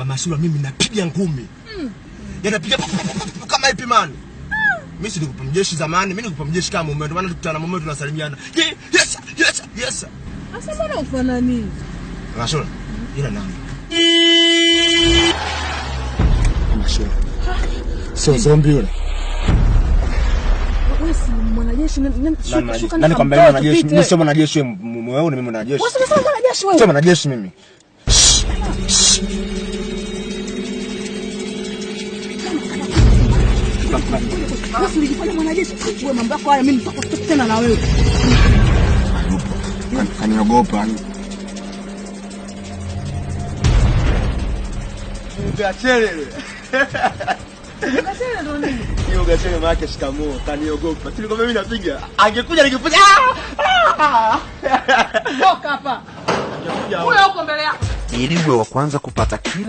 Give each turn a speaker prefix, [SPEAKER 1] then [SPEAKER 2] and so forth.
[SPEAKER 1] Mama Sula mimi napiga ngumi. Mm. Yanapiga yaani kama ipi man. Mimi si nilikupa mjeshi zamani, mimi nilikupa mjeshi kama mume. Ndio maana tukutana mume tunasalimiana. Yes, yes, yes.
[SPEAKER 2] Asa bwana ufana nini?
[SPEAKER 1] Mama Sula, Ila nani? Mama Sula. Sio zombie yule.
[SPEAKER 2] Nani kwambia mwanajeshi? mwanajeshi,
[SPEAKER 1] mwanajeshi, mwanajeshi, mwanajeshi, mwanajeshi, mwanajeshi, mwanajeshi, mwanajeshi. mwanajeshi, mwanajeshi mwanajeshi
[SPEAKER 2] Basi ulijifanya mwanajeshi wewe, mambo yako haya, mimi nitakutana na wewe.
[SPEAKER 1] Aniogopa. Ugachele.
[SPEAKER 2] Ugachele ndo nini?
[SPEAKER 1] Hiyo ugachele maana shikamoo, kaniogopa. Tulikwambia mimi napiga. Angekuja ningepiga.
[SPEAKER 2] Toka hapa. Huyo huko mbele yako. Ili uwe wa kwanza kupata kila